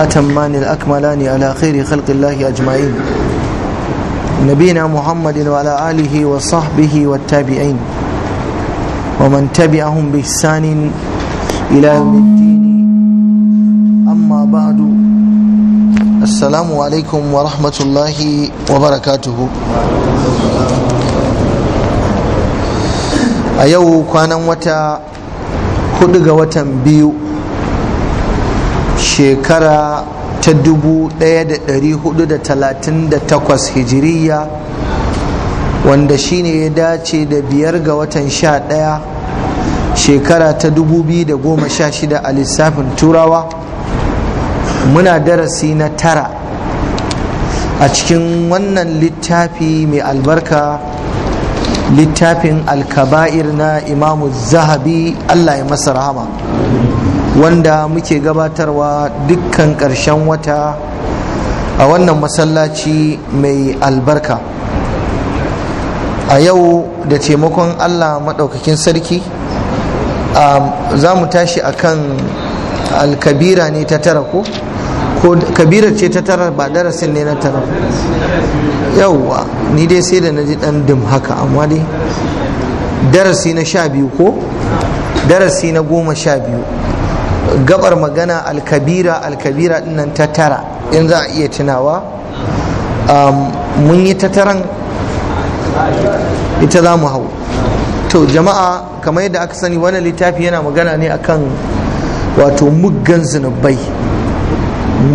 أتمان الأكملان على خير خلق الله أجمعين نبينا محمد وعلى آله وصحبه والتابعين ومن تبعهم بإحسان إلى يوم الدين أما بعد السلام عليكم ورحمة الله وبركاته أيوه كان متى كدغ وتنبيو shekara ta 1438 hijiriya wanda shine ya dace da biyar ga watan sha ɗaya shekara ta 2016 a lissafin turawa muna darasi na tara a cikin wannan littafi mai albarka littafin alkaba'ir na imamu zahabi allah ya masa rahama wanda muke gabatarwa dukkan ƙarshen wata a wannan masallaci mai albarka a yau da taimakon allah maɗaukakin sarki um, za mu tashi a kan alkabira ne ta tara ko ko kabirar ce ta tara ba darasin ne na tara yauwa ni dai sai da na ji ɗan dim haka amma dai darasi na sha biyu ko darasi na goma sha biyu gabar magana alkabira alkabira dinnan ta tara in za a iya tunawa um, mun yi ta taran ita za mu hau to jama'a kamar yadda aka sani wani littafi yana magana ne akan wato muggan zunubai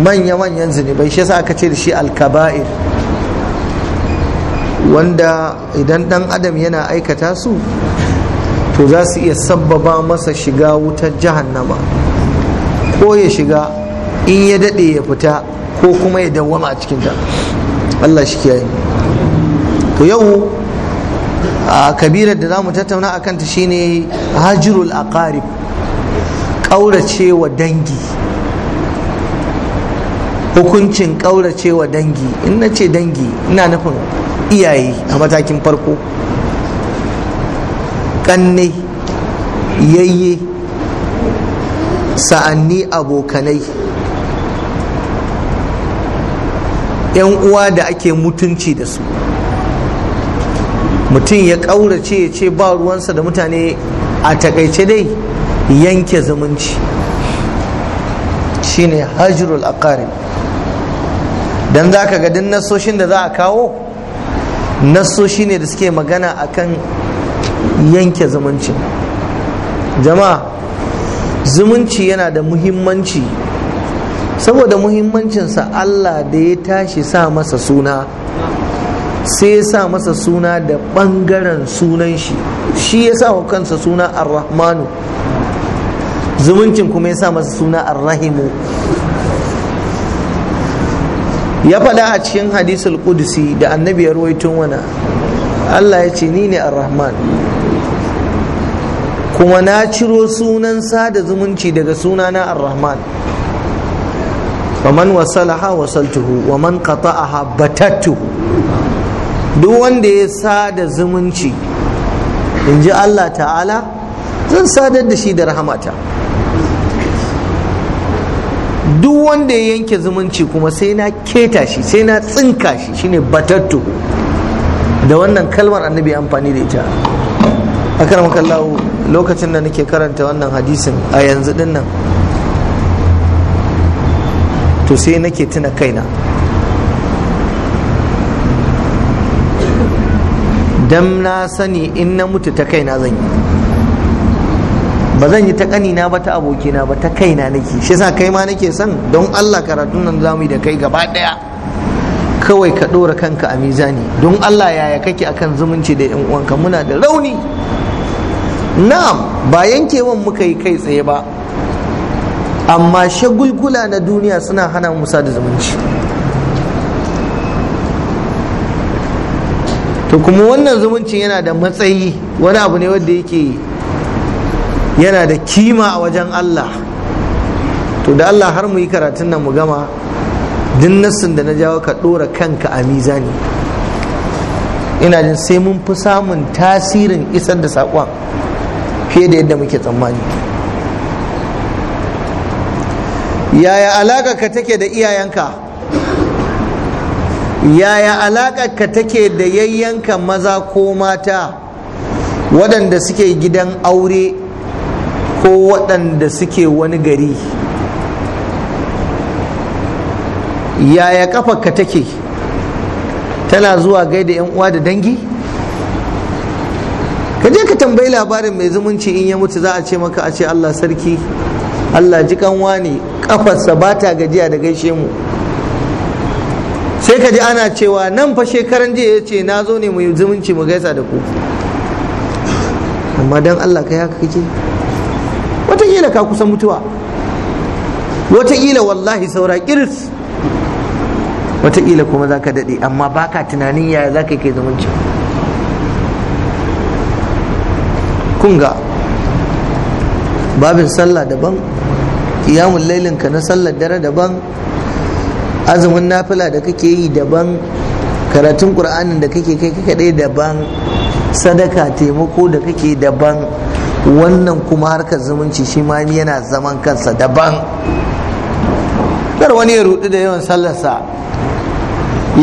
manya-manyan zunubai shi yasa aka ce da shi alkaba'ir wanda idan dan adam yana aikata su to za su iya sabbaba masa shiga wutar jahannama ko ya shiga in ya daɗe ya fita ko kuma ya dawwama a cikinta Allah shi kiyaye to yau a kabirar da zamu tattauna a kanta shine hajirul aqarib ƙaurace wa dangi hukuncin ƙaurace dangi in na ce dangi ina nufin iyaye a matakin farko ƙanne yayye sa'anni abokanai yan uwa da ake mutunci da su mutum ya ƙaurace ya ce ba ruwansa da mutane a takaice dai yanke zumunci shine hajjurul akari don za ka gadin nasoshin da za a kawo nasoshi ne da suke magana akan yanke zumunci jama'a zumunci yana da muhimmanci saboda muhimmancinsa Allah da ya tashi sa masa suna sai ya sa masa suna da ɓangaren sunan shi shi ya sa kansa suna ar-rahmanu zumuncin kuma ya sa masa suna ar-rahimu ya faɗa a cikin hadisul kudusi da annabi ya ruwaito Allah ya ce ni ne ar-rahman kuma na ciro sunan sada zumunci daga sunana ar-rahman man wasalaha wasaltuhu wa man qata'aha batattuhu duk wanda ya sada zumunci in ji Allah ta'ala zan sadar da shi da rahmata. duk wanda ya yanke zumunci kuma sai na keta shi sai na tsinka shi shine batattu da wannan kalmar annabi amfani da ita akar makallahu lokacin da nake karanta wannan hadisin a yanzu dinnan, to sai nake tuna kaina dan na sani in na mutu ta kaina zan yi ba zan yi ta kanina ba ta abokina ba ta kaina nake shi sa kai ma nake son don Allah karatun nan mu yi da kai gaba daya kawai ka ɗora kanka a mizani don Allah yaya kake akan zumunci da yan uwanka muna da rauni na'am ba yanke yankewan muka yi kai tsaye ba amma shagulgula na duniya suna hana musa da zumunci to kuma wannan zumuncin yana da matsayi wani abu ne wanda yake yana da kima a wajen Allah to da Allah har mu yi karatun nan mu gama din nassin da na jawo ka ɗora kanka a mizani ina jin sai mun fi samun tasirin isar da saƙon fiye da yadda muke tsammani yaya alaƙa ka take da iyayenka yaya alaƙa ka take da yayyanka maza ko mata waɗanda suke gidan aure ko waɗanda suke wani gari yaya ka take tana zuwa gaida 'yan uwa da dangi ka je ka tambayi labarin mai zumunci in ya mutu za a ce maka a ce Allah sarki Allah ji kanwa ne kafarsa ba ta gajiya da gaishe mu sai ka ji ana cewa nan fa shekaran jiya ya ce na zo ne mu yi zumunci mu gaisa da ku amma don Allah kai haka kake wataƙila ka kusa mutuwa wataƙila wallahi saura kiris wataƙila kuma za ka daɗe amma baka tunanin yaya za ka kai zumunci kun ga babin sallah daban kiyamun lailin ka na sallar dare daban azumin nafila da kake yi daban karatun qur'anin da kake kai kaɗai daban sadaka taimako da kake daban wannan kuma harkar zumunci shi ma yana zaman kansa daban kar wani ya rudu da yawan sallarsa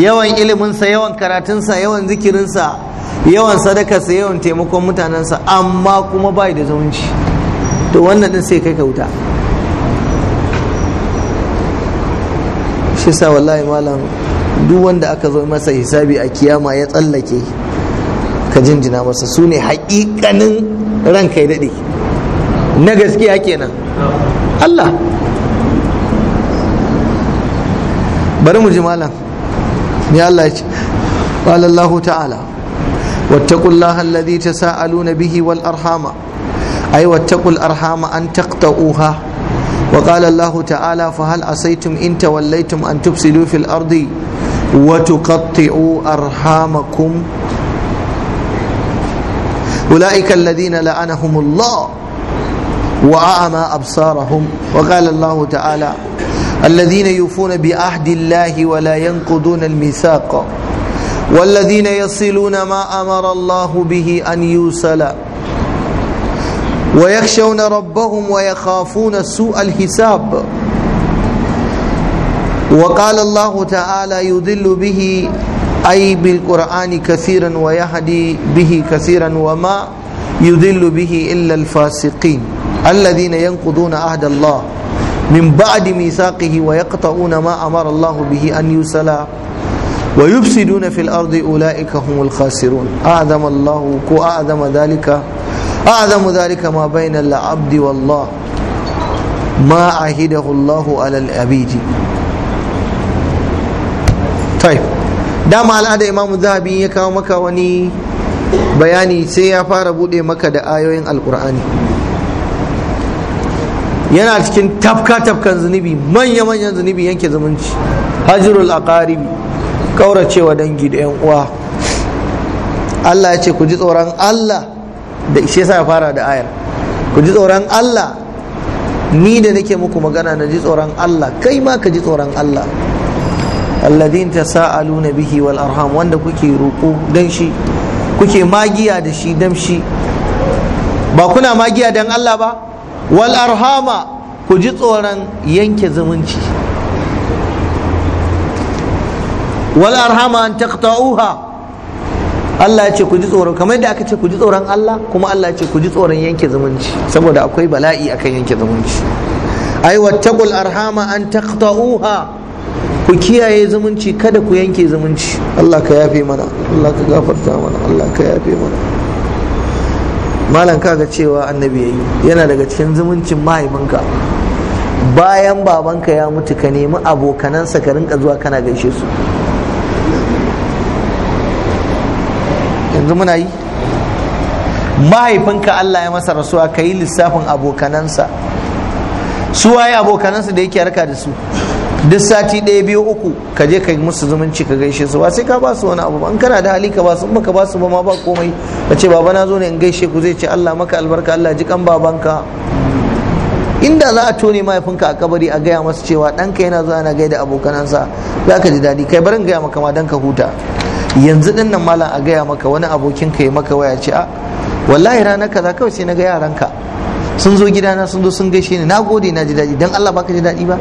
yawan iliminsa yawan karatunsa yawan zikirinsa yawan sadakarsa yawan taimakon mutanensa amma kuma bai da zumunci to wannan din sai kai ka wuta shi sa wallahi malam duk wanda aka zo masa hisabi a kiyama ya tsallake ka jinjina masa su ne haƙiƙanin ranka ya daɗe na gaskiya kenan Allah bari mu ji malam ya Allah ya ce ta'ala واتقوا الله الذي تساءلون به والأرحام أي واتقوا الأرحام أن تقطعوها وقال الله تعالى فهل عسيتم إن توليتم أن تفسدوا في الأرض وتقطعوا أرحامكم أولئك الذين لعنهم الله وأعمى أبصارهم وقال الله تعالى الذين يوفون بعهد الله ولا ينقضون الميثاق والذين يصلون ما امر الله به ان يوصل ويخشون ربهم ويخافون سوء الحساب وقال الله تعالى يضل به اي بالقران كثيرا ويهدي به كثيرا وما يضل به الا الفاسقين الذين ينقضون عهد الله من بعد ميثاقه ويقطعون ما امر الله به ان يوصل ويفسدون في الأرض أولئك هم الخاسرون أعظم الله كو أعظم ذلك أعظم ذلك ما بين العبد والله ما عهده الله على العبيد طيب دام على هذا إمام الذهبي يكاو مكا وني bayani sai ya fara bude maka da ayoyin alkur'ani yana cikin tafka tafkan zunubi manya-manyan zunubi yanke zumunci hajjurul aqaribi kauracewa dangi da yan uwa Allah ya ce ku ji tsoron Allah da ishe sa ya fara da ayar ku ji tsoron Allah ni da nake muku magana na ji tsoron Allah kai ma ka ji tsoron Allah alladhin tasaaluna bihi wal arham wanda kuke roƙo dan shi kuke magiya da shi dan shi ba kuna magiya dan Allah ba wal arhama ku ji tsoron yanke zumunci wal arhama an taqta'uha Allah ya ce ku ji tsoron kamar yadda aka ce ku ji tsoron Allah kuma Allah ya ce ku ji tsoron yanke zumunci saboda akwai bala'i akan yanke zumunci ai wattaqul arhama an taqta'uha ku kiyaye zumunci kada ku yanke zumunci Allah ka yafe mana Allah ka gafarta mana Allah ka yafe mana malam kaga cewa annabi yayi yana daga cikin zumuncin mahaifinka bayan babanka ya mutu ka nemi abokanansa ka rinka zuwa kana gaishe su yanzu muna yi mahaifinka Allah ya masa rasuwa ka yi lissafin abokanansa su waye abokanansa da yake harka da su duk sati ɗaya biyu uku ka je ka yi musu zumunci ka gaishe su ba sai ka ba su wani abu an kana da hali ka ba su ba ka ba su ba ma ba komai ka ce baba na zo ne in gaishe ku zai ce Allah maka albarka Allah ji kan babanka inda za a tone mahaifinka a kabari a gaya masa cewa ɗanka yana zuwa na gaida abokanansa za ka ji daɗi kai barin gaya maka ma dan ka huta yanzu din nan malam a gaya maka wani abokin ka ya maka waya ce a wallahi ranar kaza kawai sai na ga yaranka sun zo gidana sun zo sun gaishe ni na gode na ji daɗi dan Allah baka ji daɗi ba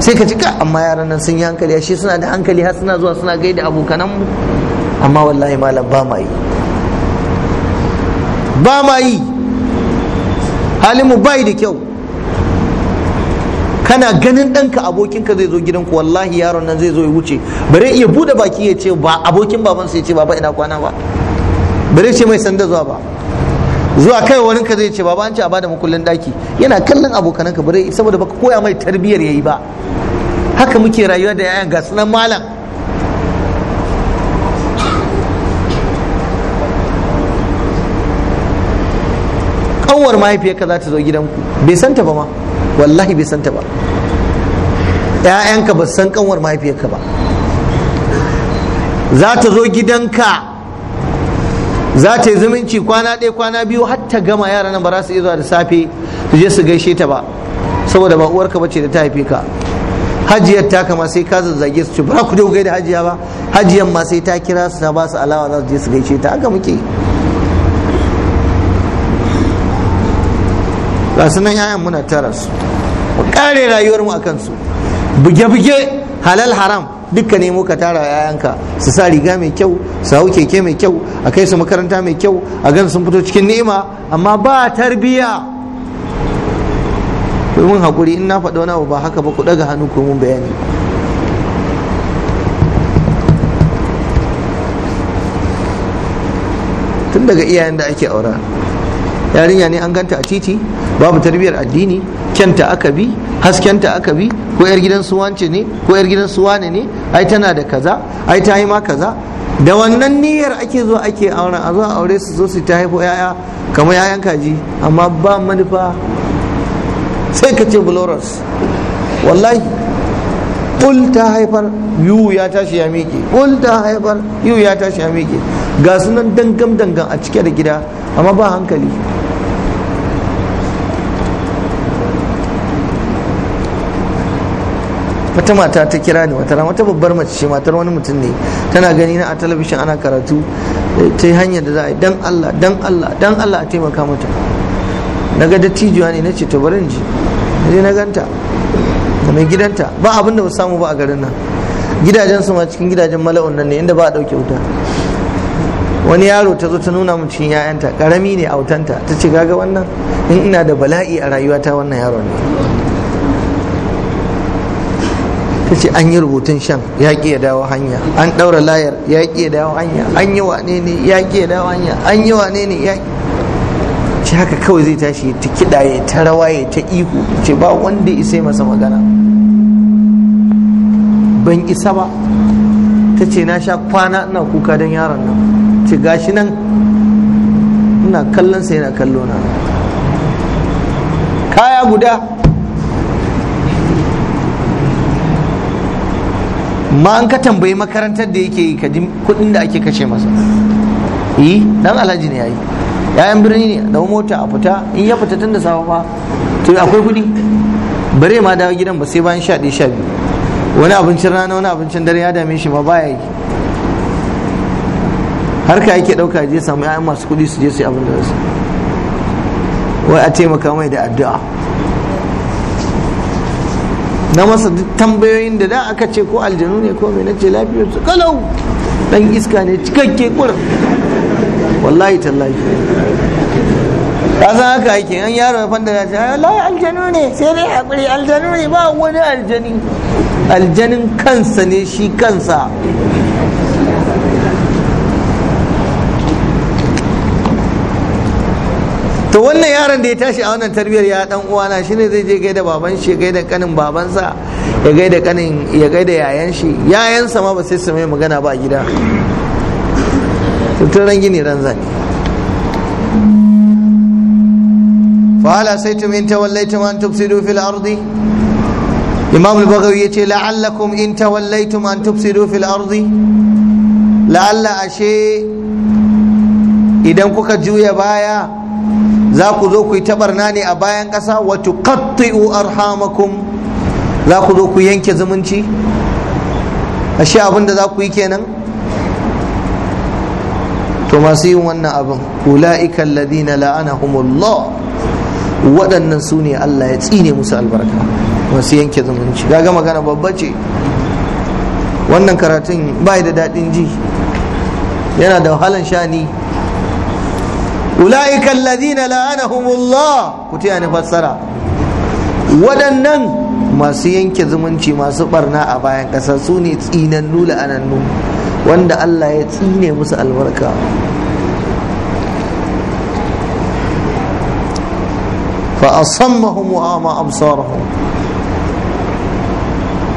sai ka ji ka amma yaran nan sun yi hankali shi suna da hankali har suna zuwa suna gaida abokanan mu amma wallahi malam ba ma yi ba ma yi halin mu bai da kyau kana ganin ɗanka abokinka zai zo gidanku wallahi yaron nan zai zo ya wuce bare iya bude baki ya ce ba abokin babansa ya ce baba ina kwana ba bare ce mai sanda zuwa ba zuwa kai wani ka zai ce baba an ce a bada makullin daki yana kallon abokan ka bare saboda baka koya mai tarbiyyar yayi ba haka muke rayuwa da yayan ga sunan malam kanwar mahaifiyarka za ta zo gidanku bai santa ba ma wallahi bai santa ba ‘ya'yanka ba san kanwar mahaifiyarka ba za ta zo gidanka za ta yi zumunci kwana ɗaya kwana biyu har ta gama yara nan ba za su iya zuwa da safe su je su gaishe ta ba saboda ba uwarka ce da ta haife ka hajiyar ta kama sai ka zazzage su ce ba ku je da hajiya ba hajiyar ma sai ta kira su ta ba su alawa za su je su gaishe ta haka muke ga su nan yayan muna tara su mu kare rayuwar mu akan su buge-buge halal haram dukkan ne muka tara yayanka su sa riga mai kyau su hau keke mai kyau a kai su makaranta mai kyau a gan sun fito cikin ni'ima amma ba tarbiya ku mun hakuri in na faɗo nawa ba haka ba ku ɗaga hannu ku mun bayani tun daga iyayen da ake aura yarinya ne an ganta a titi babu tarbiyar addini kyanta aka bi haskenta aka bi ko yar gidan su wance ne ko yar gidan su wane ne ai tana da kaza ai ta yi ma kaza da wannan niyyar ake zo ake auren a zo a aure su zo su ta haifo yaya kamar yayan kaji amma ba manufa sai ka ce bulorus wallahi ƙul ta haifar yiwu ya tashi ya miƙe ƙul ta haifar yiwu ya tashi ya miƙe ga sunan dangam dangan a cike da gida amma ba hankali wata mata ta kira ni wata wata babbar mace ce matar wani mutum ne tana gani na a talabishin ana karatu eh, ta hanyar da za a yi dan Allah dan Allah dan Allah a taimaka mata na ga dattijuwa ne na ce ta bari ji je na ganta da mai gidanta ba abin da ba samu ba a garin nan gidajen su ma cikin gidajen mala'un nan ne inda ba a dauke wuta wani yaro ta zo ta nuna mun cikin 'ya'yanta karami ne a wutanta ta ce gaga wannan in ina da bala'i a rayuwata wannan yaro ne ta ce an yi rubutun shan ya ƙi ya dawo hanya an ɗaura layar ya ƙi ya dawo hanya an yi wane ne ya ƙi ya dawo hanya an yi wane ne ya ce haka kawai zai tashi ta kiɗa ya ta rawa ya ta ihu ce ba wanda isai masa magana ban isa ba ta ce na sha kwana ina kuka don yaron nan ce gashi nan ina kallon sa yana kallo na kaya guda ma an ka tambayi makarantar da yake yi ka ji kuɗin da ake kashe masa yi dan alhaji ne yayi yayan birni ne da mota a fita in ya fita tun da safe fa to akwai kuɗi bare ma dawo gidan ba sai bayan sha ɗaya sha biyu wani abincin rana wani abincin dare ya dame shi ma baya yi har ka yake ɗauka je samu 'ya'yan masu kuɗi su je su yi abin da su wai a taimaka mai da addu'a na masa duk tambayoyin da da aka ce ko aljanu ne ko mai ce lafiyar su kalau dan iska ne cikakke kur wallahi tallahi ka san haka ake an yaro ya fanda ya ce wallahi aljanu ne sai dai hakuri aljanu ne ba wani aljani aljanin kansa ne shi kansa to wannan yaron da ya tashi a wannan tarbiyyar ya dan uwana shine zai je gai da baban shi gai da kanin babansa, ya gai da kanin ya gai da yayan shi Ya'yansa ma ba sai su mai magana ba gida to ran gini ran zani fa la saytum in tawallaytum an tufsidu fil ardi imam al-baghawi yace la'allakum in tawallaytum an tufsidu fil ardi la'alla ashe idan kuka juya baya za ku zo ku yi tabarna ne a bayan ƙasa wa tuqatti'u arhamakum za ku zo ku yanke zumunci ashe abin da za ku yi kenan to masu yin wannan abin ula'ika alladhina la'anahumullah waɗannan su ne Allah ya tsine musu albarka masu yanke zumunci kaga magana babba ce wannan karatun bai da daɗin ji yana da wahalan shani ula'ika alladhina la'anahumullah ku taya ni fassara waɗannan masu yanke zumunci masu barna a bayan ƙasa su ne tsinannu anannu wanda Allah ya tsine musu albarka fa asammahum wa ama absarahum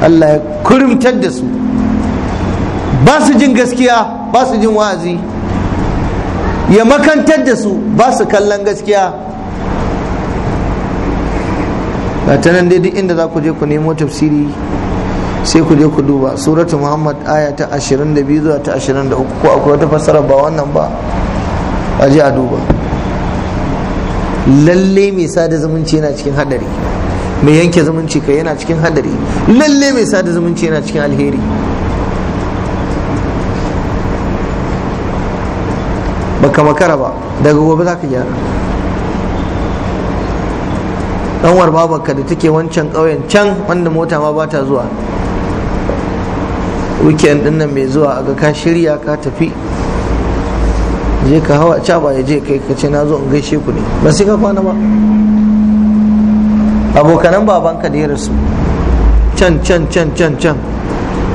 Allah ya kurumtar da su ba su jin gaskiya ba su jin wa'azi ya makantar da su ba su kallon gaskiya ga ta nan dai duk inda za ku je ku nemo tafsiri sai ku je ku duba suratu muhammad aya ta 22 zuwa ta 23 ko akwai wata fassara ba wannan ba a je a duba lalle mai sada zumunci yana cikin hadari mai yanke zumunci kai yana cikin hadari lalle mai sada zumunci yana cikin alheri baka makara ba daga gobe za ka gyara ɗanwar babarka da take wancan ƙauyen can wanda mota ma ba ta zuwa weekend ɗinnan nan mai zuwa aga ka shirya ka tafi je ka hawa caba ya je kai ka ce na zo in gaishe ku ne ba sai ka kwana ba abokanan babanka da ya rasu can can can can can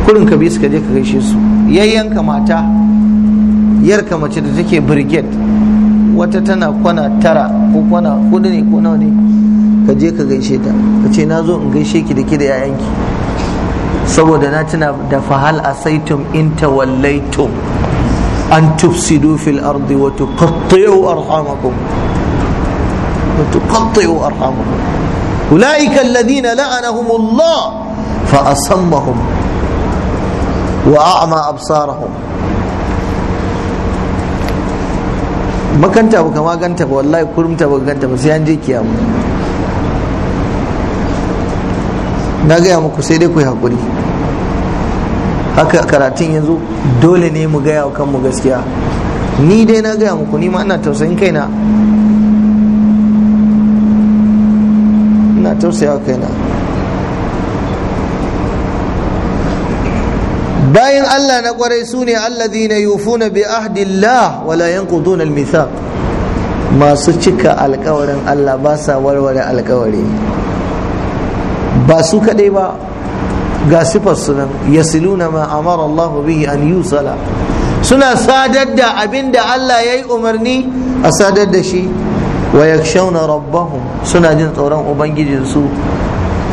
kurin ka bi suka je ka gaishe su yayyanka mata yarka mace da take brigade wata tana kwana tara ko kwana hudu ne ko nawa ne ka je ka gaishe ta ka ce na zo in gaishe ki da ke da 'ya'yanki saboda na tuna da fahal asaitum in tawallaitum an tufsidu fil ardi wa tuqatti'u arhamakum wa tuqatti'u arhamakum ulaika alladhina la'anahum Allah fa asammahum wa a'ma absarahum makanta ba kama ganta ba wallahi kurumta ba ganta ba sai an je kiyamu na gaya muku sai dai ku yi haƙuri haka karatun yanzu dole ne mu gaya wa kanmu gaskiya ni dai na gaya muku ni ma ina tausayin kaina ina tausayawa kaina bayan Allah na kwarai su ne alladhina yufuna bi ahdillah wa la yanquduna al masu cika alkawarin Allah ba sa warware alkawari ba su kadai ba ga sifar sunan yasiluna ma amara Allah bihi an yusala suna sadar da abin da Allah ya yi umarni a sadar da shi wa yakshauna rabbahum suna jin tsoron ubangijinsu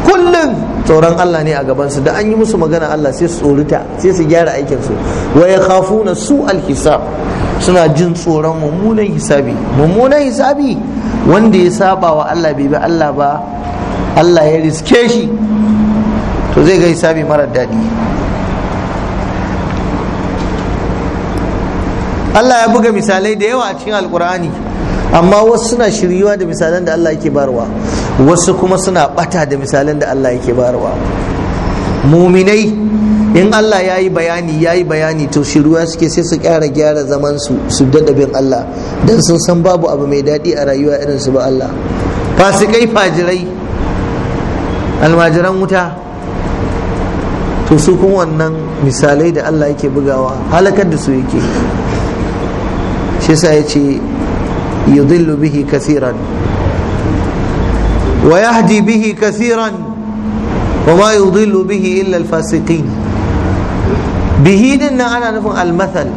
kullum tsoron Allah ne a gabansu da an yi musu magana Allah sai su tsorita sai su gyara aikinsu su. khafuna su alhisab suna jin tsoron mummunan hisabi mummunan hisabi wanda ya saba wa Allah bai bi Allah ba Allah ya riske shi to zai ga hisabi mara daɗi Allah ya buga misalai da yawa a cikin alkur'ani amma wasu suna shiryuwa da misalan da Allah yake barwa wasu kuma suna bata da misalan da Allah yake barwa muminai in Allah ya yi bayani ya yi bayani to shiruwa suke sai su kyara gyara zaman su su dada bin Allah don sun san babu abu mai daɗi a rayuwa irin su ba Allah fasikai fajirai almajiran wuta to su kuma wannan misalai da Allah yake bugawa halakar da su yake shi yasa ya ce يضل به كثيرا ويهدي به كثيرا وما يضل به إلا الفاسقين به دنا أنا نفهم المثل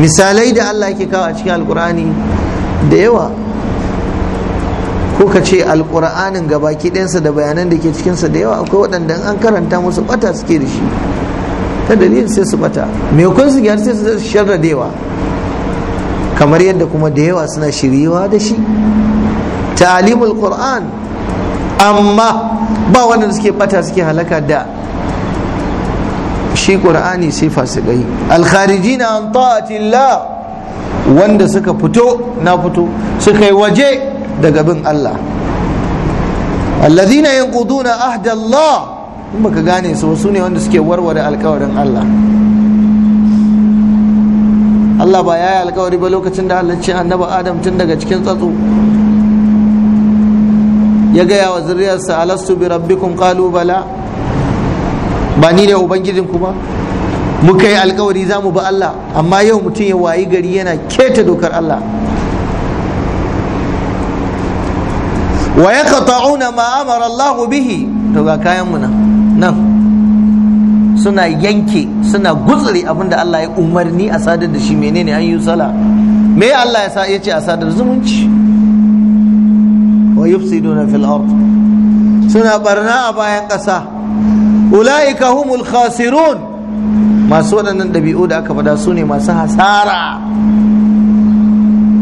misalai da Allah yake kawo a cikin alkur'ani da yawa ko kace ce alkur'anin gabaki ɗansa da bayanan da ke cikinsa da yawa akwai waɗanda an karanta musu bata suke da shi ta dalilin sai su bata me kun su sai su sharra da yawa kamar yadda kuma da yawa suna shiryewa da shi ta'alimul qur'an amma ba wanda suke fata suke halaka da shi qur'ani sai fasikai alkharijina an ta'atillah wanda suka fito na fito suka yi waje daga bin Allah alladhina yanquduna ahdallah in baka gane su su ne wanda suke warware alkawarin Allah Allah ba ya yi alkawari ba lokacin da halarci annabi Adam tun daga cikin tsatso ya gaya wa zuriyarsa alastu bi rabbikum qalu bala ba ni da ubangijinku ba muka yi alkawari za mu ba Allah amma yau mutum ya wayi gari yana keta dokar Allah wa ya ma amara Allah bihi to ga kayan mu nan suna yanke suna gutsuri abinda Allah ya umarni a sadar da shi menene an yi sala me Allah ya sa ya ce a sadar zumunci wa yufsiduna fil ard suna barna a bayan ƙasa ulaika humul khasirun masu waɗannan ɗabi'u da aka faɗa su ne masu hasara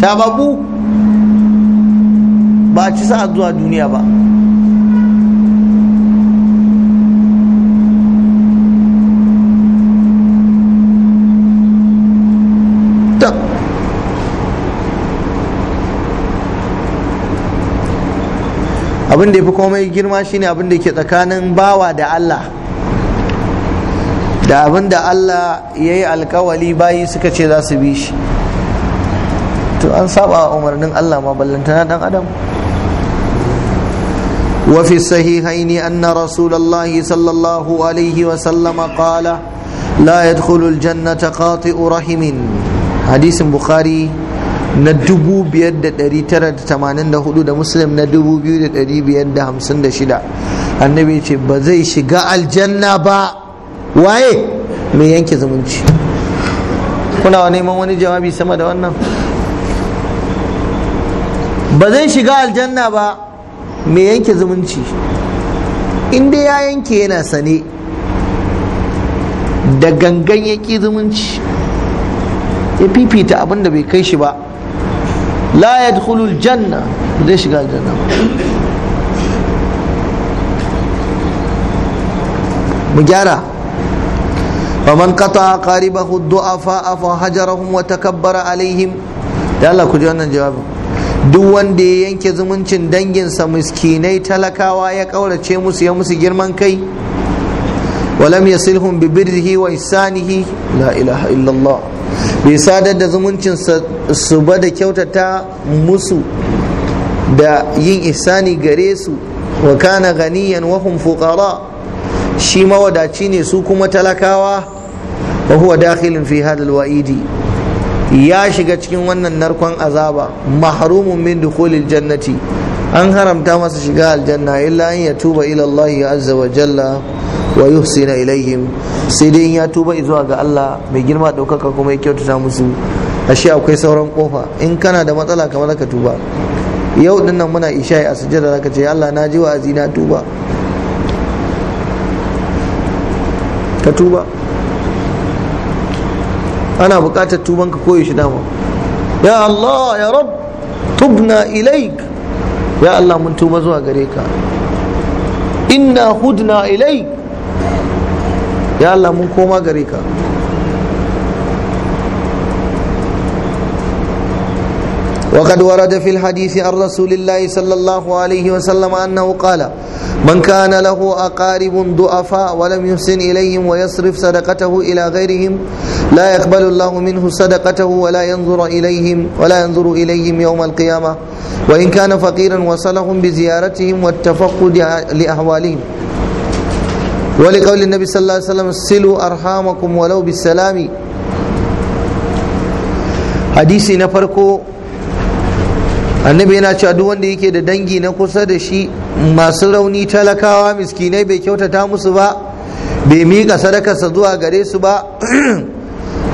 tababu ba a ci sa'a zuwa duniya ba abin da ya fi komai girma shine abin da ke tsakanin bawa da Allah da abin da Allah ya yi alkawali bayi suka ce za su bi shi to an saba umarnin Allah ma ballantana dan adam وفي الصحيحين أن رسول الله صلى الله عليه وسلم قال لا يدخل الجنة قاطئ رحم حديث بخاري na 5,984 da muslim na 2,556 annabi ce ba zai shiga aljanna ba waye mai yanke zumunci kuna wa neman wani jawabi sama da wannan ba zai shiga aljanna ba mai yanke zumunci inda ya yanke yana sane da gangan ya zumunci ya fifita abin da bai kai shi ba la yadkhulu Janna zai shiga aljanna mu gyara faman qata qaribahu du'afa fa hajarahum wa alaihim ya Allah ku wannan jawabin duk wanda ya yanke zumuncin danginsa miskinai talakawa ya kaurace musu ya musu girman kai walam yasilhum bi birrihi wa sanihi. la ilaha illallah bai sadar da zumuncin su ba da kyautata musu da yin ihsani gare su wa kana ganiyan wa hum fuqara shi mawadaci ne su kuma talakawa wa huwa dakhilun fi hada alwa'idi ya shiga cikin wannan narkon azaba mahrumun min dukhulil jannati an haramta masa shiga aljanna illa an yatuba ila Allah azza wa jalla wa yuhsina ilaihim sai dai ya tuba zuwa ga Allah mai girma daukaka kuma ya kyautata musu ashe akwai sauran kofa in kana da matsala kamar ka tuba yau din nan muna isha'i a sujjada zaka ce Allah na ji wa'azi na tuba ka tuba ana buƙatar tuban ka koyaushe dama ya Allah ya rab tubna ilaik ya Allah mun tuba zuwa gare ka inna hudna ilaik ya Allah mun koma gare ka وقد ورد في الحديث عن رسول الله صلى الله عليه وسلم أنه قال من كان له أقارب ضعفاء ولم يحسن إليهم ويصرف صدقته إلى غيرهم لا يقبل الله منه صدقته ولا ينظر إليهم ولا ينظر إليهم يوم القيامة وإن كان فقيرا وصلهم بزيارتهم والتفقد لأحوالهم ولقول النبي صلى الله عليه وسلم سلوا أرحامكم ولو بالسلام حديثي نفركو annabi yana cewa duk wanda yake da dangi na kusa da shi masu rauni talakawa miskinai bai kyautata musu ba bai miƙa sadakarsa zuwa gare su ba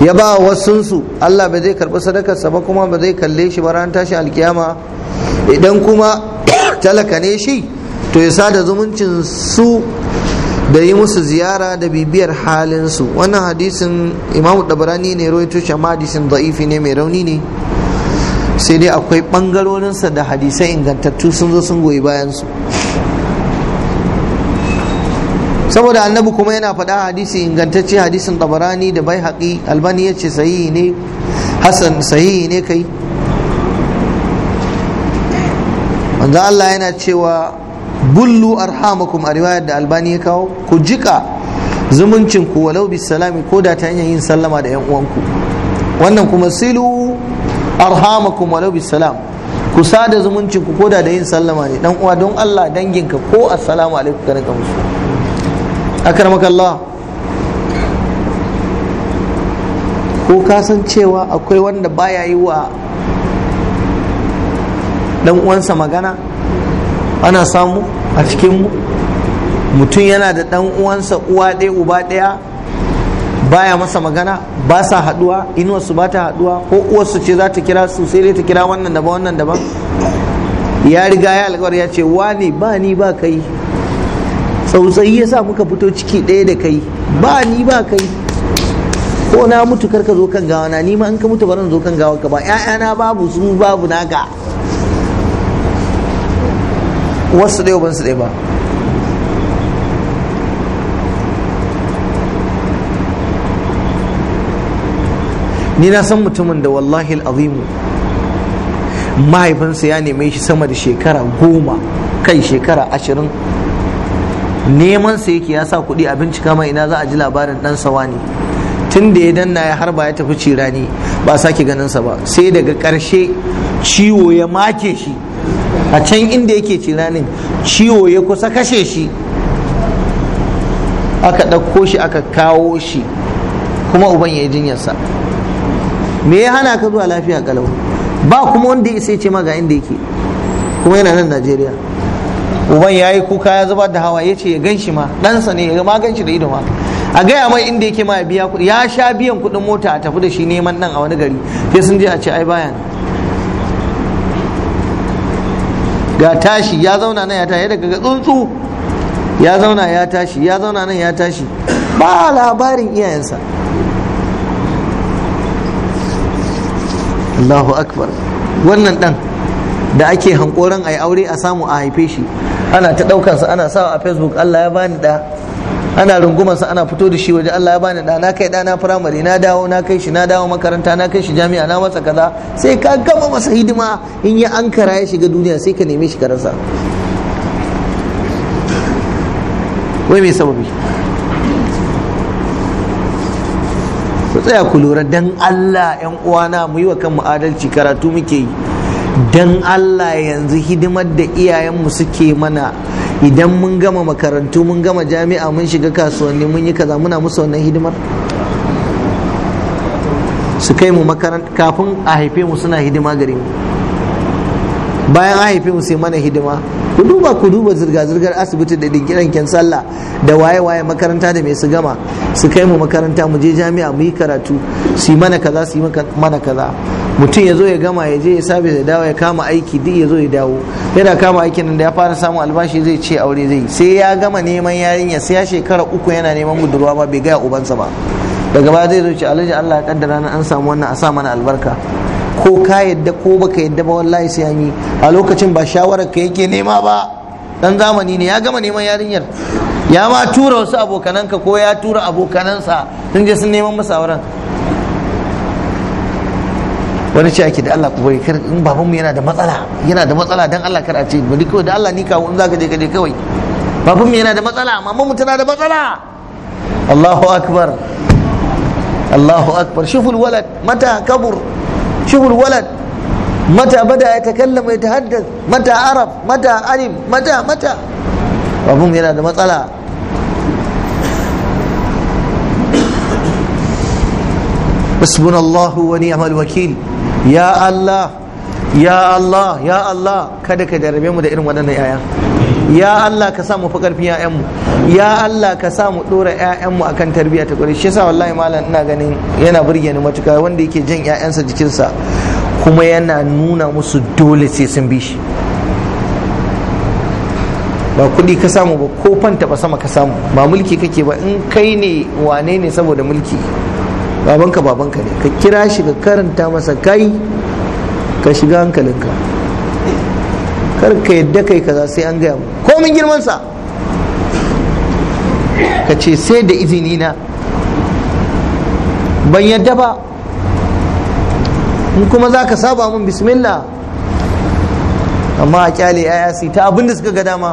ya ba wasunsu Allah ba zai karɓi sadakarsa ba kuma ba zai kalle shi ba ran tashi alkiyama idan kuma talaka ne shi to ya sada zumuncin su da yi musu ziyara da bibiyar halinsu wannan hadisin imamu dabarani ne rawaito shi amma hadisin da'ifi ne mai rauni ne sai dai akwai bangarorinsa da hadisai ingantattu sun zo sun goyi bayansu saboda annabi kuma yana faɗa hadisi ingantacce hadisin Dabarani da bai haƙi albani ya ce sahihi ne hasan sahihi ne kai wanda Allah yana cewa bullu arhamakum a riwayar da albani ya kawo ku jika zumuncin ku walau salami ko da ta hanyar yin sallama da yan uwanku wannan kuma silu arhamakum walau salam ku sada zumuncin ku ko da da yin sallama ne dan uwa don Allah danginka ko assalamu alaikum kana ka musu akramaka Allah ko ka san cewa akwai wanda baya yi wa dan uwansa magana ana samu a cikinmu mutum yana da ɗan uwansa uwa ɗaya uba ɗaya baya masa magana ba sa haɗuwa inuwarsu ba ta haɗuwa ko uwarsu ce za ta kira su sai dai ta kira wannan daban wannan daban ya riga ya alkawar ya ce wani ba ni ba kai tsautsayi ya sa muka fito ciki ɗaya da kai ba ni ba kai ko na mutu karka zo kan gawa na ni ma in ka mutu baran zo kan gawa ka ba ƴaƴana babu su babu naka wasu ɗaya ban su ɗaya ba ni na san mutumin da wallahi azimu mahaifinsa ya neme shi sama da shekara goma kai shekara ashirin nemansa yake ya sa kuɗi a bincika mai ina za a ji labarin ɗan wani tun da ya danna ya harba ya tafi cirani ba sake ganinsa ba sai daga ƙarshe ciwo ya make shi a can inda yake ciranin ciwo ya kusa kashe shi aka ɗauko shi aka kawo shi kuma uban ya yi jinyarsa me ya hana ka zuwa lafiya kalau ba kuma wanda ya sai ce ma ga inda yake kuma yana nan najeriya uban ya yi kuka ya zubar da hawa ya ce ya gan shi ma ɗansa ne ya ma gan shi da ido ma a gaya mai inda yake ma ya biya kuɗi ya sha biyan kuɗin mota a tafi da shi neman nan a wani gari sai sun je a ce ai bayan ga tashi ya zauna nan ya tashi daga tsuntsu ya zauna ya tashi ya zauna nan ya tashi ba labarin iyayensa Allahu akbar wannan dan da ake hankoran a yi aure a samu a haife shi ana ta ɗaukansa ana sawa a facebook Allah ya bani da ana rungumar sa ana fito da shi waje Allah ya bani da na kai dana firamare na dawo na kai shi na dawo makaranta na kai shi jami'a na masa kaza sai ka gama masa hidima in ya ankara ya shiga duniya sai ka neme shi ka rasa wai me sababi ku tsaya ku lura dan Allah yan uwana mu yi wa kanmu adalci karatu muke yi dan Allah yanzu hidimar da iyayenmu suke mana idan mun gama makarantu mun gama jami'a mun shiga kasuwanni mun yi kaza muna musu wannan hidimar su kai mu makaranta kafin a haife mu suna hidima gare mu bayan a haife mu sai mana hidima ku duba ku duba zirga-zirgar asibiti da gidan sallah da waye-waye makaranta da mai su gama su kai mu makaranta mu je jami'a mu yi karatu su yi mana kaza su yi mana kaza mutum ya zo ya gama ya je ya sabi ya dawo ya kama aiki duk ya zo ya dawo yana kama aikin nan da ya fara samun albashi zai ce aure zai sai ya gama neman yarinya sai ya shekara uku yana neman budurwa ma bai gaya ubansa ba daga baya zai zo ce alhaji Allah ya kaddara na an samu wannan a sa mana albarka ko ka yadda ko baka yadda ba wallahi sai an yi a lokacin ba shawarar ka yake nema ba dan zamani ne ya gama neman yarinyar ya ma tura wasu abokananka ko ya tura abokanansa sun je sun neman masa auren wani ce ake da Allah ku bari kar in baban mu yana da matsala yana da matsala dan Allah kar a ce bari kawai da Allah ni kawo in zaka je ka je kawai baban mu yana da matsala amma mu tana da matsala Allahu akbar Allahu akbar shufu alwalad mata kabur shufu alwalad mata bada ya takallama ya tahaddath mata arab mata alim mata mata baban mu yana da matsala حسبنا الله ونعم الوكيل ya Allah ya Allah ya Allah kada ka jarabe mu da irin waɗannan 'ya'ya ya Allah ka sa mu fi ƙarfin 'ya'yanmu ya Allah ka sa mu ɗora 'ya'yanmu akan tarbiyya ta ƙwarai shi yasa wallahi malam ina ganin yana burge ni matuƙa wanda yake jan 'ya'yansa jikinsa kuma yana nuna musu dole sai sun bi shi ba kuɗi ka samu ba ko fanta ba sama ka samu ba mulki kake ba in kai ne wane ne saboda mulki babanka babanka ne ka kira shi ka karanta masa kai ka shiga hankalinka kar yadda kai kaza sai an gaya mu komin girmansa ka ce sai da izini na ban yadda ba in kuma za ka saba mun bismillah amma a kyale yaya su ta abin da suka ga dama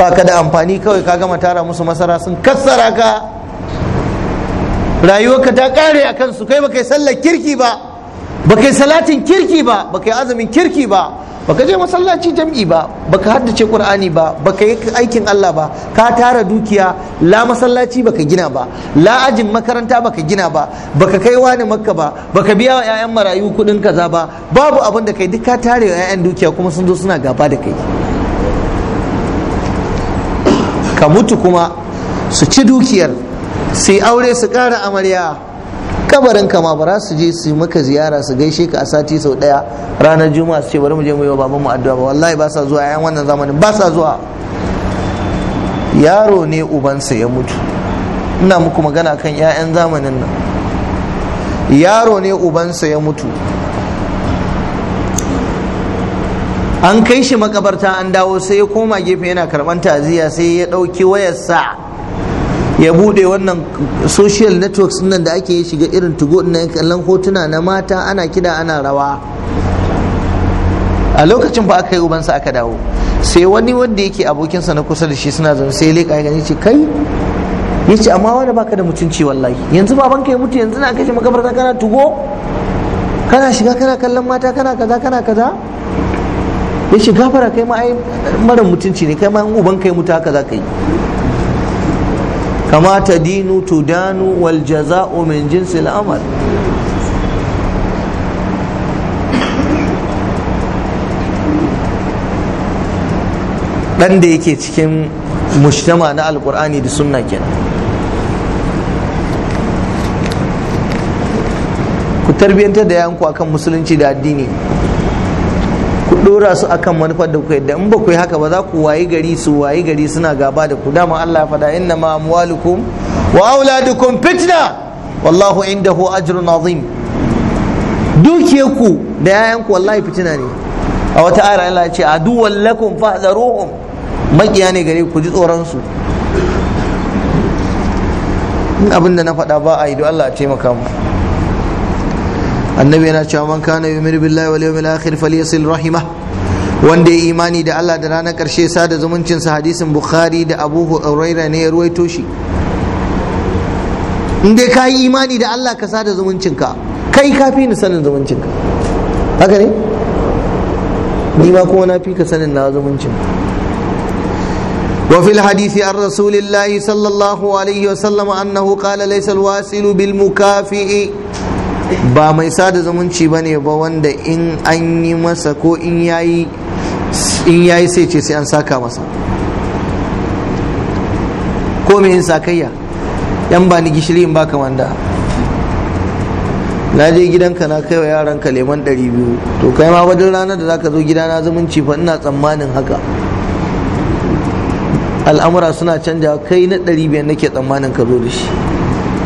ba ka da amfani kawai ka gama tara musu masara sun kassara ka rayuwarka ta kare a kansu kai ba kai sallar kirki ba Ba kai salatin kirki ba Ba kai azumin kirki ba Ba ka je masallaci jam'i ba Ba ka haddace qur'ani ba Ba ka yi aikin Allah ba ka tara dukiya la masallaci ba ka gina ba la ajin makaranta ba ka gina ba Ba ka kai wani makka ba Ba ka biya wa 'ya'yan marayu kudin kaza ba babu abin da kai duk ka tare wa 'ya'yan dukiya kuma sun zo suna gaba da kai ka mutu kuma su ci dukiyar su aure su kara amarya kabarin kama ba su je su maka ziyara su gaishe ka a sati sau daya ranar juma'a su ce bari mu je mu yi wa baban mu addu'a ba wallahi ba sa zuwa yan wannan zamanin ba sa zuwa yaro ne ubansa ya mutu ina muku magana kan 'ya'yan zamanin nan yaro ne ubansa ya mutu an kai shi makabarta an dawo sai ya koma gefe yana karban taziya sai ya ɗauki wayarsa ya bude wannan social networks nan da ake shiga irin tugo na kallon hotuna na mata ana kida ana rawa a lokacin ba aka yi ubansa aka dawo sai wani wanda yake abokinsa na kusa da shi suna zaune sai leƙa ya gani ce kai ya ce amma wani baka da mutunci wallahi yanzu babanka ya mutu yanzu na kashe makabarta kana tugo kana shiga kana kallon mata kana kaza kana kaza ya ce gafara kai ma ai mara mutunci ne kai ma uban kai mutu haka za ka yi kama ta dinu tudanu wal jaza'u min jinsil amal dan da yake cikin mujtama na alkur'ani da sunna kenan ku tarbiyantar da yanku akan musulunci da addini ku dora su akan manufar da ku yadda in ba ku yi haka ba za ku wayi gari su wayi gari suna gaba da ku dama Allah ya faɗa inna ma amwalukum wa auladukum fitna wallahu indahu ajrun azim ku da yayan ku wallahi fitina ne a wata ayar Allah ya ce adu wallakum fahdharuhum makiya ne gare ku ji tsoron su in abin da na faɗa ba a yi don Allah ya taimaka mu annabi yana cewa man kana yu'minu billahi wal yawmil akhir falyasil rahimah wanda ya imani da Allah da ranar karshe sada zumuncin sa hadisin bukhari da abu huraira ne ya ruwaito shi in dai ka yi imani da Allah ka sada zumuncinka kai ka fi ni sanin zumuncin ka, haka ne ni ma kuma na fi ka sanin na zumuncin وفي الحديث عن رسول الله صلى الله عليه وسلم أنه قال ليس الواصل بالمكافئ ba mai sada zumunci ba ne ba wanda in an yi masa ko in yayi in yayi sai ce sai an saka masa ko me in sakayya yan ba ni gishiri in baka wanda na je gidanka na kai wa yaranka leman 200 to kai ma wajen ranar da zaka zo gida na zumunci fa ina tsammanin haka al'amura suna canja kai na biyar nake tsammanin ka zo da shi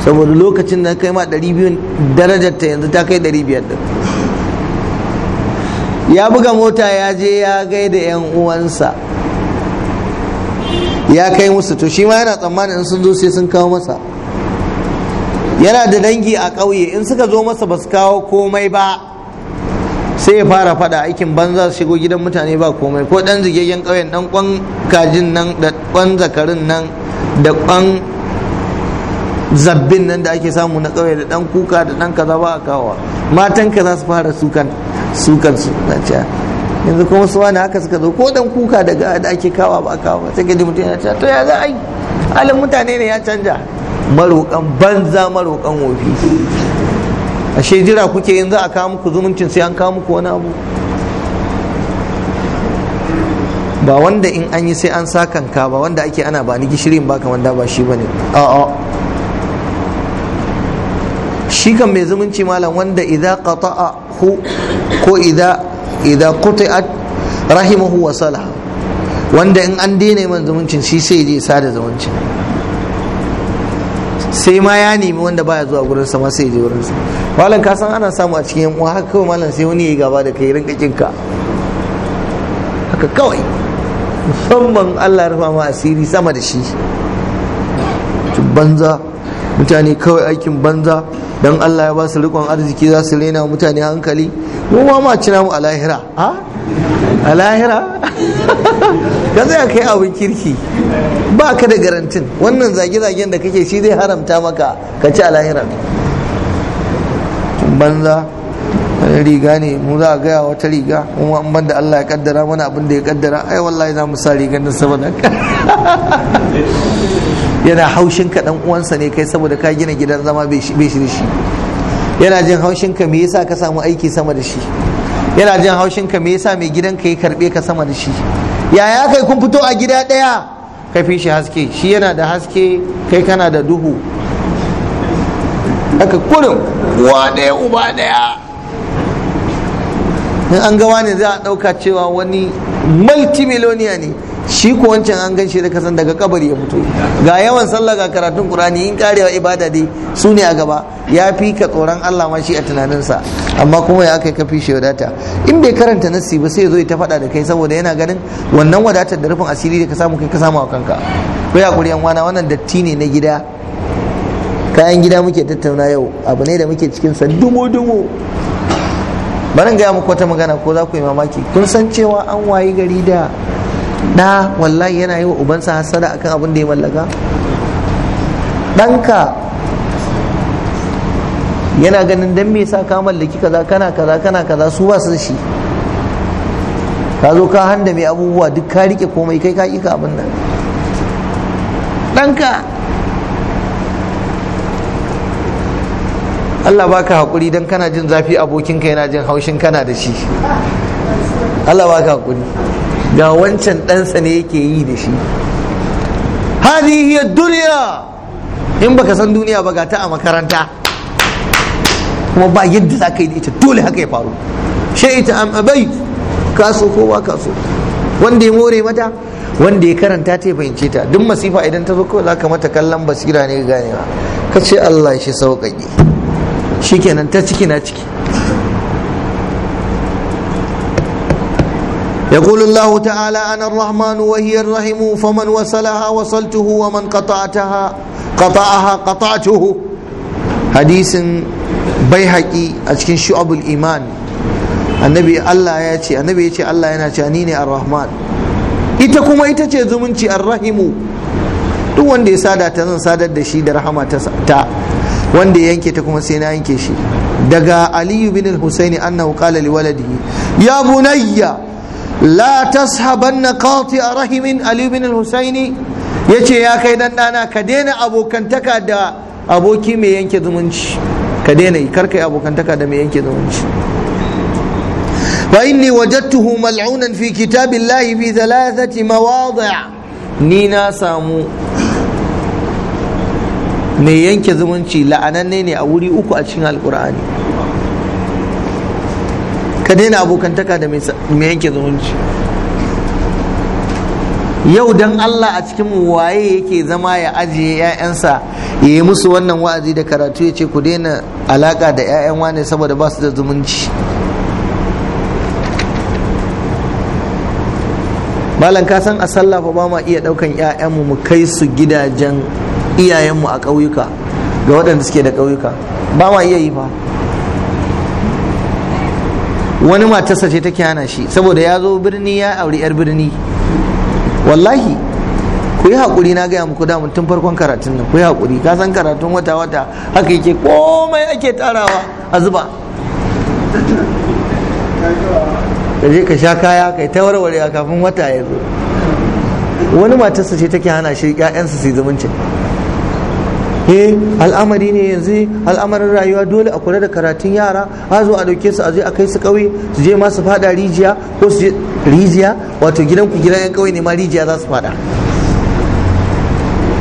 saboda lokacin da kai ma 200 darajar ta yanzu ta kai 500 din ya buga mota ya je ya gaida yan uwansa ya kai musu to shi ma yana tsammanin in sun zo sai sun kawo masa yana da dangi a ƙauye in suka zo masa ba su kawo komai ba sai ya fara fada aikin banza su shigo gidan mutane ba komai ko dan zigegen ƙauyen dan kwan kajin nan da kwan zakarin nan da kwan zabbin nan da ake samu na ƙauye da ɗan kuka da ɗan kaza ba a kawo matan ka za su fara sukan sukan su na ce yanzu kuma su wani haka suka zo ko ɗan kuka daga da ake kawo ba a kawo sai ka ji mutum ya ce to ya za a yi halin mutane ne ya canja maroƙan banza maroƙan wofi ashe jira kuke yanzu a kawo muku zumuncin sai an kawo muku wani abu ba wanda in an yi sai an sakanka ba wanda ake ana ba ni gishirin ba kamar da ba shi ba ne a'a shi kan mai zumunci malam wanda idza qata'a hu ko idza idza quti'at rahimahu wa salaha wanda in an daina man zumuncin shi sai je sada zumunci sai ma ya nemi wanda baya zuwa gurin sa ma sai je gurin sa malam ka san ana samu a cikin yan uwa haka kawai malam sai wani yayi gaba da kai rinka kinka haka kawai musamman Allah ya rufa ma asiri sama da shi banza mutane kawai aikin banza don Allah ya ba su rikon arziki za su rena mutane hankali mu ma ma cina mu a lahira a a lahira zai kai abin kirki ba ka da garantin wannan zage-zagen da kake shi zai haramta maka ka ci a banza wani riga ne mu za a gaya wata riga mu an banda Allah ya kaddara mana abin da ya kaddara ai wallahi za mu sa rigan nan saboda yana haushin ka dan uwansa ne kai saboda ka gina gidan zama bai shi shi yana jin haushin ka me yasa ka samu aiki sama da shi yana jin haushin ka me yasa mai gidan ka ya karbe ka sama da shi yaya kai kun fito a gida daya ka fi shi haske shi yana da haske kai kana da duhu aka kurin wa daya uba daya in an gawa ne za a ɗauka cewa wani multimiloniya ne shi ko wancan an gan shi da kasan daga kabari ya fito ga yawan sallah ga karatun qur'ani in karewa ibada dai su ne a gaba ya fi ka tsoron Allah ma shi a tunaninsa amma kuma ya kai kafi shi wadata in bai karanta nassi ba sai zo ya ta faɗa da kai saboda yana ganin wannan wadatar da rufin asiri da ka samu kai ka samu a kanka ko ya kuri yan wana wannan datti ne na gida kayan gida muke tattauna yau abu ne da muke cikin sa dumo dumo barin gaya muku wata magana ko za ku yi mamaki kun san cewa an wayi gari da da wallahi yana yi wa ubansa hasada akan abin da ya mallaka ɗanka yana ganin dan me sa ka mallaki kaza kana kaza kana kaza su ba su shi ka zo ka handa mai abubuwa duk ka rike komai kai ka ka abin nan ɗanka Allah baka hakuri dan kana jin zafi abokinka yana jin haushin kana da shi Allah baka hakuri ga wancan ɗansa ne yake yi da shi hadihi duniya in baka san duniya ba ga ta a makaranta kuma ba yadda za ka yi da ita dole haka ya faru shi ita am abai kaso ko ba kaso wanda ya more mata wanda ya karanta ta fahimce ta duk masifa idan ta zo kawai za ka mata kallon basira ne ganewa ka ce Allah shi sauƙaƙe shikenan ta ciki na ciki يقول الله تعالى أنا الرحمن وهي الرحيم فمن وصلها وصلته ومن قطعتها قطعها قطعته حديث بيهقي أشكن شعب الإيمان النبي الله يأتي النبي يأتي الله يأتي أنيني الرحمن ita kuma ita ce zumunci arrahimu duk wanda ya sada ta zan sadar da shi da rahama ta wanda ya yanke ta kuma sai na yanke shi daga aliyu bin husaini annahu qala li waladihi ya bunayya la tashabanna qati'a rahimin aliyu bin husaini yace ya kai dan dana ka daina abokantaka da aboki mai yanke zumunci ka daina yi kar kai abokantaka da mai yanke zumunci fa inni tuhumar mal'unan fi kitabillahi fi thalathati mawadi' ni na samu mai yanke zumunci la'ananne ne a wuri uku a cikin alkur'ani ka daina abokantaka da mai yanke zumunci yau dan Allah a cikin waye yake zama ya ajiye 'ya'yansa ya yi musu wannan wa'azi da karatu ya ce ku daina alaka da 'ya'yan wane saboda ba su da zumunci malam ka san a sallafa ba ma iya daukan 'ya'yanmu mu kai su gidajen iyayenmu a ƙauyuka ga waɗanda suke da ƙauyuka ba ma iya yi ba wani matarsa ce take hana shi saboda ya zo birni ya auri 'yar birni wallahi ku yi haƙuri na gaya muku damun tun farkon karatun nan ku yi haƙuri ka san karatun wata wata haka yake komai ake tarawa a zuba ka je ka sha kaya kai ta warware kafin wata ya zo wani matarsa ce take hana shi 'ya'yansa su yi zumuncin eh al'amari ne yanzu al'amarin rayuwa dole a kula da karatun yara a zo a dauke su a je a kai su kauye su je masu fada rijiya ko su rijiya wato gidan ku gidan yan kauye ne ma rijiya za su fada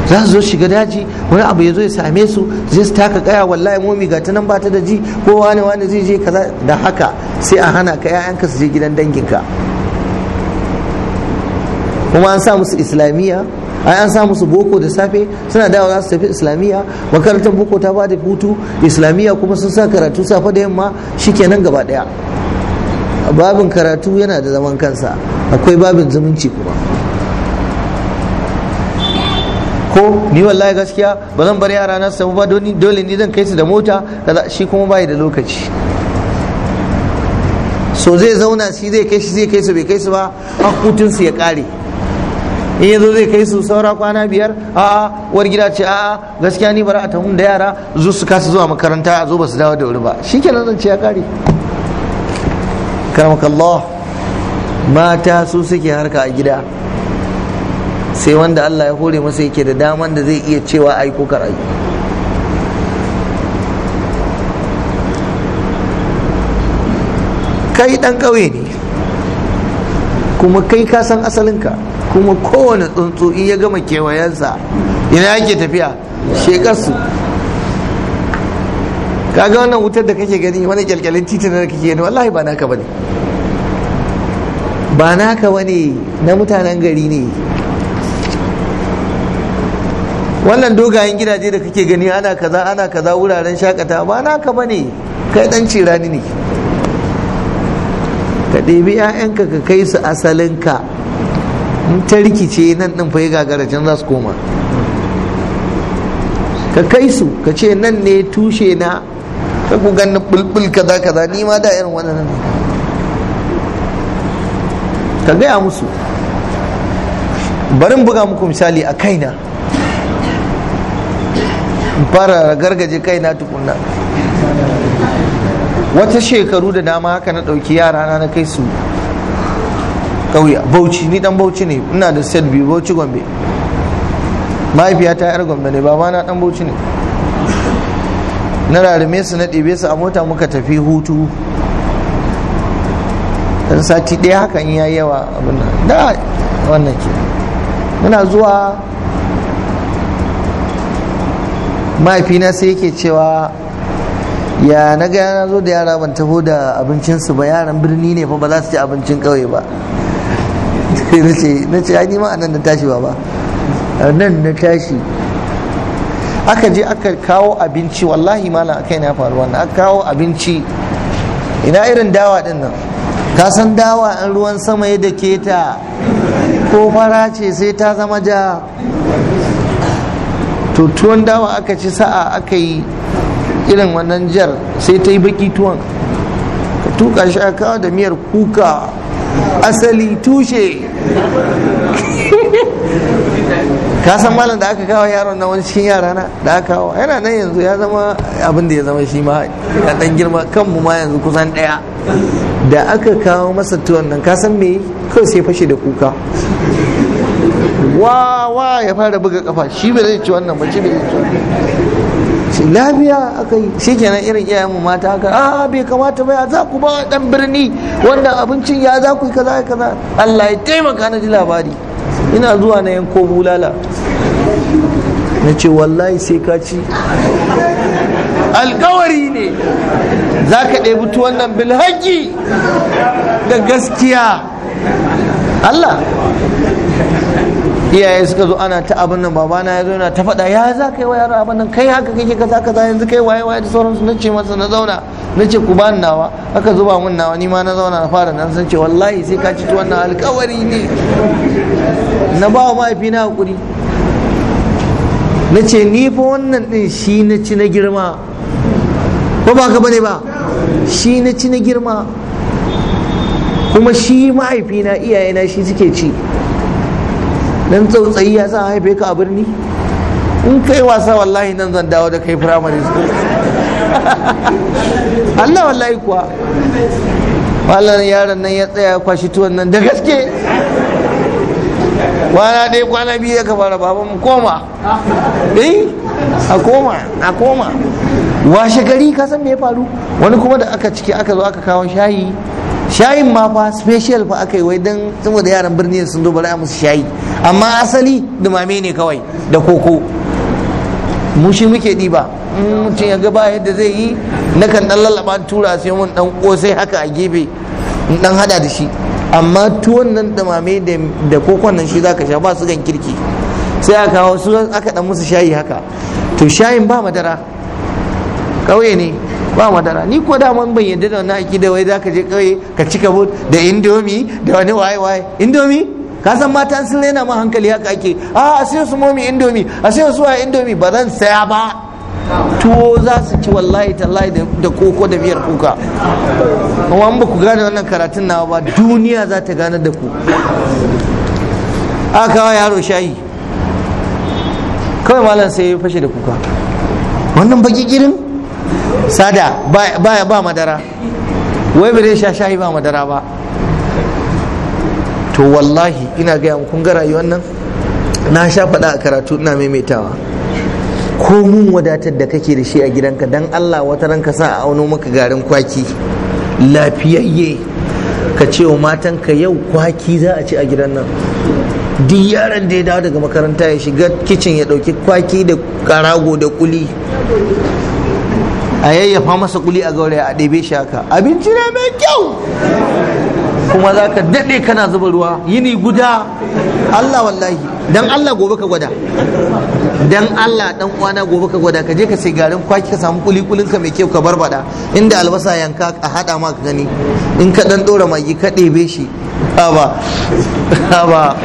za su zo shiga daji wani abu ya zo ya same su zai su taka kaya wallahi momi ga ta nan ba ta da ji ko wani wani zai je kaza da haka sai a hana ka 'ya'yanka su je gidan danginka kuma an sa musu islamiyya ai an samu su boko da safe suna dawo za su tafi islamiyya makarantar boko ta ba da hutu islamiyya kuma sun sa karatu safe da yamma shikenan gaba daya babin karatu yana da zaman kansa akwai babin zumunci kuma ko ni wallahi gaskiya ba zan bar yara na samu ba dole ni zan kai su da mota kaza shi kuma bai da lokaci so zai zauna shi zai kai shi zai kai su bai kai su ba hakutun su ya kare in yazo zai kai su saura kwana biyar a war gida ce a gaskiya ni bara a da yara zu su kasa zuwa makaranta a zo ba su dawo da wuri ba ke nan zance ya kare Allah mata su suke harka a gida sai wanda Allah ya hore masa yake da daman da zai iya cewa ai ko karai kai dan kauye ne kuma kai ka san asalinka kuma kowane tsuntsu in ya gama kewayensa ina yake tafiya shekarsu kaga wannan wutar da kake gani wani kyalkyalin titin da kake gani wallahi ba naka bane ba naka bane na mutanen gari ne wannan dogayen gidaje da kake gani ana kaza ana kaza wuraren shakata ba naka bane kai dan cirani ne ka ɗebi 'ya'yanka ka kai su asalinka in ta rikice nan din fa ya gagara can za su koma ka kai su ka ce nan ne tushe na ka ku gani bulbul kaza kaza ni ma da irin wannan ka gaya musu bari buga muku misali a kaina fara gargaje kaina tukunna wata shekaru da dama haka na ɗauki yara na kai su ƙauye bauchi ni dan bauchi ne ina da set biyu bauchi gombe mahaifiyata yar gombe ne baba na dan bauchi ne na rarrame su na ɗebe su a mota muka tafi hutu dan sati ɗaya hakan ya yawa abin da wannan ke muna zuwa mahaifina sai yake cewa ya na ga yana zo da yara ban taho da abincinsu ba yaran birni ne fa ba za su ci abincin ƙauye ba sai na ce na ai nima a na tashi ba nan na tashi aka je aka kawo abinci wallahi malam akai na faru wannan aka kawo abinci ina irin dawa din nan ka san dawa an ruwan sama ya dake ta ko fara ce sai ta zama ja to tuwon dawa aka ci sa'a aka yi irin wannan jar sai ta yi baki tuwon ka tuka shi aka kawo da miyar kuka asali tushe ka san malam da aka kawo yaron na wani cikin yara na da aka kawo yana nan yanzu ya zama abin da ya zama shi ma ya dan girma kanmu ma yanzu kusan daya da aka kawo masa tuwon nan ka san me kawai sai fashe da kuka wa wa ya fara buga kafa shi bai zai ci wannan ba shi bai ci lafiya aka yi shi kenan irin iyayenmu mata haka a ah, ah, bai kamata ba ya za ku ba dan birni wanda abincin ya za ku yi kaza kaza Allah ya taimaka na ji labari ina zuwa na yanko bulala na ce wallahi sai ka ci alkawari ne za ka ɗebi tuwon nan bilhaki. da gaskiya Allah iyaye suka zo ana ta abin nan babana ya zo yana ta fada ya za ka yi wa yaro abin nan kai haka kake kaza kaza yanzu kai waye waye da sauransu na ce masa na zauna na ce ku bani nawa aka zuba min nawa ni ma na zauna na fara nan san wallahi sai ka ci wannan alkawari ne na ba wa na hakuri na ce ni fa wannan din shi na ci na girma ko ba ka bane ba shi na ci na girma kuma shi mahaifina iyayena shi suke ci Nan tsautsayi ya sa haife ka a birni in kai wasa wallahi nan zan dawo da kai firamare su. Allah wallahi kuwa wannan yaron nan ya tsaya kwashi tuwon nan da gaske kwana ɗaya kwana biyu ya kabara baban mu koma eh a koma a koma washe gari ka san me ya faru wani kuma da aka ciki aka zo aka kawo shayi shayin ma fa special fa aka yi wai don saboda yaran birni sun zo ba a musu shayi amma asali dumame ne kawai da koko mu shi muke diba in mutum ya gaba yadda zai yi na kan dan lallaba tura sai mun dan kosai haka a gefe in dan hada da shi amma tuwon nan dumame da kokon nan shi zaka sha ba su gan kirki sai aka kawo su aka dan musu shayi haka to shayin ba madara kauye ne ba madara ni ko daman ban yadda da wani aiki da wai za ka je kauye ka cika but da indomi da wani waye waye indomi ka san mata sun raina ma hankali haka ake a a sai su momi indomi a sai su wa indomi ba zan saya ba tuwo za su ci wallahi tallahi da koko da miyar kuka kuma ba ku gane wannan karatun nawa ba duniya za ta gane da ku A kawai yaro shayi kawai malam sai ya fashe da kuka wannan baki girin sada ba ba madara wai bai sha shayi ba madara ba to wallahi ina gaya mu kun ga rayuwar nan na sha faɗa a karatu ina maimaitawa ko mun wadatar da kake da shi a gidanka dan Allah wata ran ka sa a auno maka garin kwaki lafiyayye ka ce wa matanka yau kwaki za a ci a gidan nan duk yaron da ya dawo daga makaranta ya shiga kicin ya ɗauki kwaki da karago da kuli a yayyafa masa kuli a gauraya a ɗebe shi haka abinci ne mai kyau kuma za ka daɗe kana zuba ruwa yini guda Allah wallahi dan Allah gobe ka gwada dan Allah dan uwana gobe ka gwada ka je ka sai garin kwaki ka samu kuli kulin ka mai kyau ka barbada inda albasa yanka a hada ma gani in ka dan dora magi ka ɗebe shi haba haba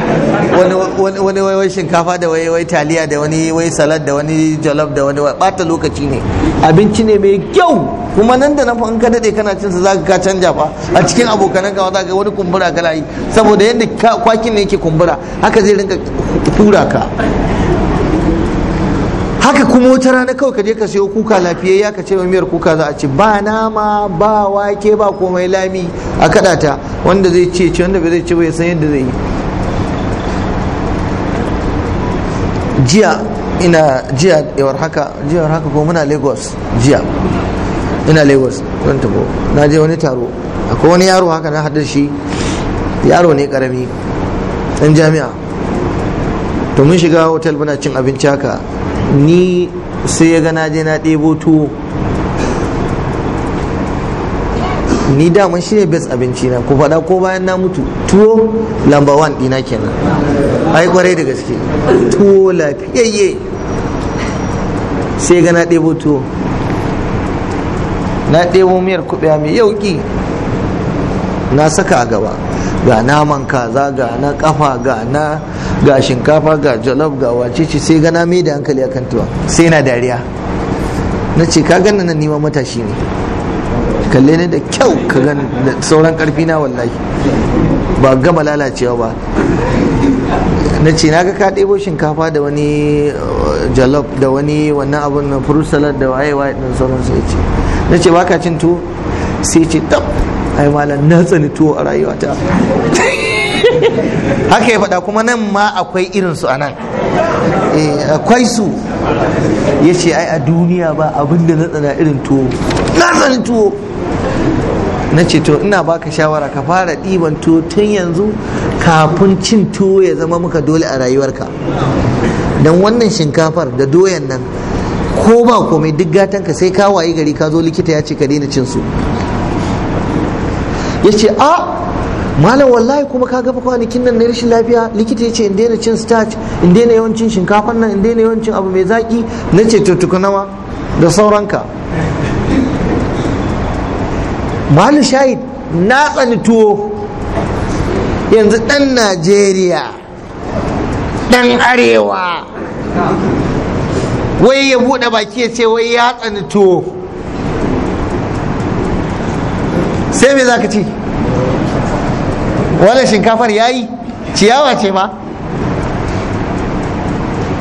wani shinkafa da wai taliya da wani wai salad da wani jollof da wani bata lokaci ne abinci ne mai kyau kuma nan da nan ka dade kana cin sa zaka ka canja fa a cikin abokanan ka zaka wani kumbura kana yi saboda yadda kwakin ne yake kumbura haka zai rinka tura ka kuma wata rana kawai ka je ka sayo kuka ya ka ce mai miyar kuka za a ci ba nama ba wake ba komai lami a kadata wanda zai ce ci wanda bai zai ci bai san yadda zai yi jiya ina jiya yawar haka yawar haka ko muna lagos jiya ina lagos don tabo na je wani taro akwai wani yaro haka na haɗar shi yaro ne karami ɗan jami'a to mun shiga hotel muna cin abinci haka ni sai ya gana je na ɗebo tuwo ni daman shi ne best abinci na ku faɗa ko bayan na mutu tuwo lamba wan ɗina kenan ai kwarai da gaske tuwo lafiyayye sai gana ɗebo tuwo na ɗebo miyar kuɓewa mai yauƙi na saka a gaba ga naman kaza ga na ƙafa ga na ga shinkafa ga jalof ga wacece sai gana mai da hankali akan tuwa sai na dariya na ce ka gana nan nima matashi ne kalle ne da kyau ka gan da sauran karfi na wallahi ba gama lalacewa ba na ce na ga ka ɗebo shinkafa da wani uh, jalof da wani wannan abun na furusalar salad da waye waye din sauran su ce na ce ba ka cin tuwo sai ce tab ai malam na tsani tuwo a rayuwata haka ya faɗa kuma nan ma akwai irinsu a nan eh, akwai su ya ce ai a duniya ba abin da na tsana irin tuwo na tsani tuwo na ce to ina baka shawara ka fara ɗiban tuwo tun yanzu kafin cin tuwo ya zama muka dole a rayuwarka don wannan shinkafar da doyan nan ko ba komai duk gatanka sai ka wayi gari ka zo likita ya ce ka daina cin su ya ce a ah, malam wallahi kuma ka gafa kwanakin nan na rashin lafiya likita ya ce in daina cin starch in daina yawancin shinkafan nan in daina yawancin abu mai zaki na ce tuttuka nawa da sauranka malam shahid na tsani tuwo yanzu dan najeriya dan arewa wai ya buɗe baki ya ce wai ya tsani tuwo sai me za ka ce wannan shinkafar ya yi ciyawa ce ma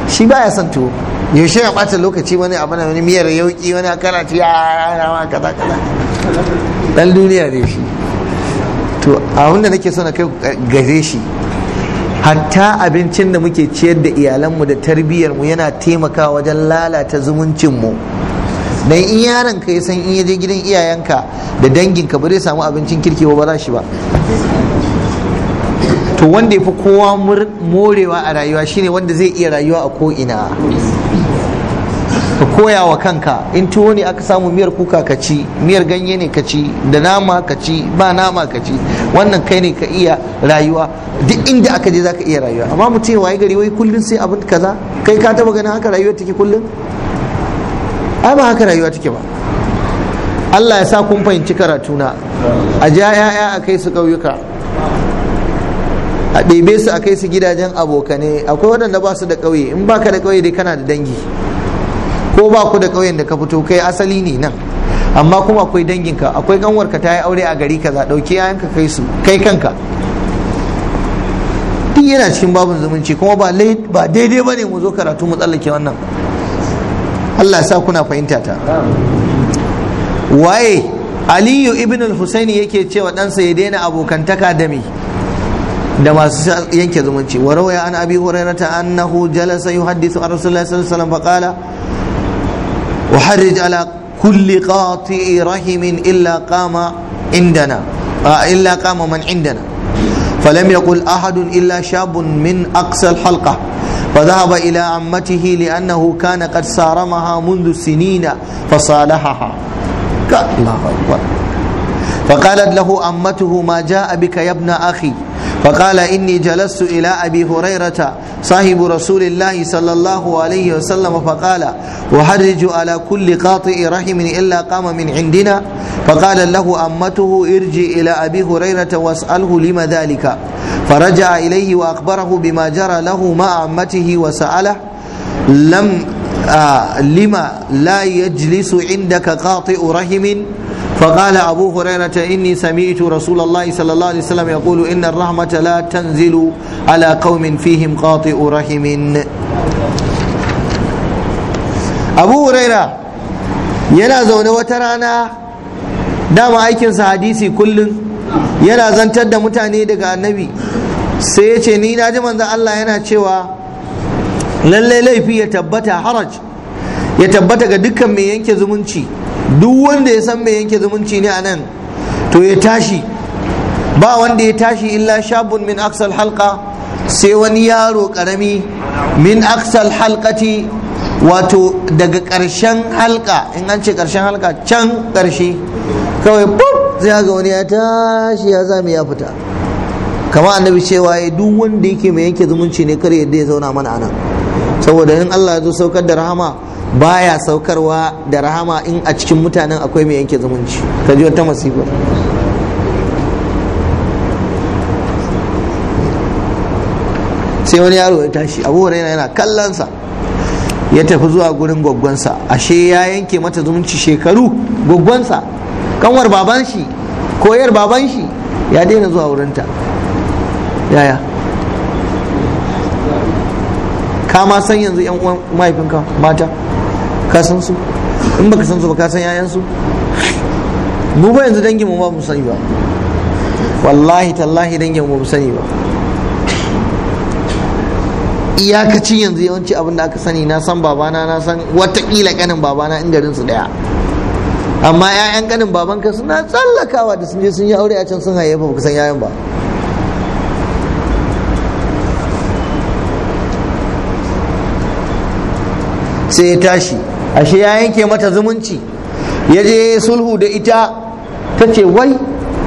shi ya son tuwo yaushe ya ɓata lokaci wani abu wani miyar yauki wani karatu ya ah, ma kaza kaza dan duniya ne shi to abin da nake so na kai gare shi hatta abincin da muke ciyar da iyalanmu da tarbiyyarmu yana taimakawa wajen lalata zumuncinmu dan in yaron ka ya san in ya je gidan iyayenka da danginka ba zai samu abincin kirki ba ba za shi ba to wanda ya fi kowa morewa a rayuwa shine wanda zai iya rayuwa a ko'ina ka koya wa kanka in tuwo ne aka samu miyar kuka ka ci miyar ganye ne ka ci da nama ka ci ba nama ka ci wannan kai ne ka iya rayuwa duk inda aka je zaka iya rayuwa amma wa, waye gari wai kullum sai abin kaza kai ka taba ganin haka rayuwa take kullum ai ba haka rayuwa take ba Allah ya sa kun fahimci karatuna a ja 'ya'ya a kai su ƙauyuka a ɗebe su a kai su gidajen abokane akwai waɗanda ba su da ƙauye in baka da ƙauye dai kana da dangi ko ba ku da ƙauyen da ka fito kai asali ne nan amma kuma akwai danginka akwai kanwarka ta yi aure a gari kaza ɗauki yayanka kai su kai kanka duk yana cikin babin zumunci kuma ba daidai ba ne mu zo karatu mu tsallake wannan Allah sa kuna fahimta ta waye aliyu ibn al-husaini yake cewa ɗansa ya daina abokantaka da mai da masu yanke zumunci wa rawaya an abi hurairata annahu jalasa yuhaddithu an rasulullahi sallallahu alaihi wasallam faqala uharrij ala kulli qati'i rahimin illa qama indana illa qama man indana فلم يقل أحد إلا شاب من أقصى الحلقة فذهب إلى عمته لأنه كان قد صارمها منذ سنين فصالحها الله أكبر فقالت له أمته ما جاء بك يا ابن أخي فقال إني جلست إلى أبي هريرة صاحب رسول الله صلى الله عليه وسلم فقال أحرج على كل قاطئ رحم إلا قام من عندنا فقال له أمته ارجع إلى أبي هريرة واسأله لم ذلك فرجع إليه وأخبره بما جرى له مع أمته وسأله لم آه لما لا يجلس عندك قاطئ رحم فقال أبو هريرة إني سمعت رسول الله صلى الله عليه وسلم يقول إن الرحمة لا تنزل على قوم فيهم قاطع رحم أبو هريرة ينا زون وترانا دام أيكن حديثي كل ينا زنتد متاني دقاء النبي سيتي نينا جمان الله ينا شوى lallai laifi ya tabbata haraj ya tabbata ga dukkan mai yanke zumunci duk wanda ya san mai yanke zumunci ne a nan to ya tashi ba wanda ya tashi illa shabun min aksal halka sai wani yaro karami min aksal halkati wato daga karshen halka in an ce karshen halka can karshe kawai pop zai ga wani ya tashi ya zami ya fita kama annabi cewa ya eh, duk wanda yake mai yanke zumunci ne kar yadda ya zauna mana anan saboda in Allah ya zo saukar da rahama baya saukarwa da rahama in a cikin mutanen akwai mai yanke zumunci ta ji wata masifa sai wani yaro ya tashi abu huraira yana kallonsa ya tafi zuwa gurin gwaggonsa ashe ya yanke mata zumunci shekaru gwaggonsa kanwar baban shi koyar baban shi ya daina zuwa wurinta yaya ka ma san yanzu yan uwan mahaifinka mata ka san su in baka san su ba ka san yayan su mu ba yanzu dangin mu ba mu sani ba wallahi tallahi dangin mu ba mu sani ba iyakacin yanzu yawanci abin da aka sani na san babana na san watakila kanin babana in garin su daya amma 'ya'yan kanin babanka suna tsallakawa da sun je sun yi aure a can sun haye ba san 'ya'yan ba sai ya tashi ashe ya yanke mata zumunci ya je sulhu da ita ta ce wai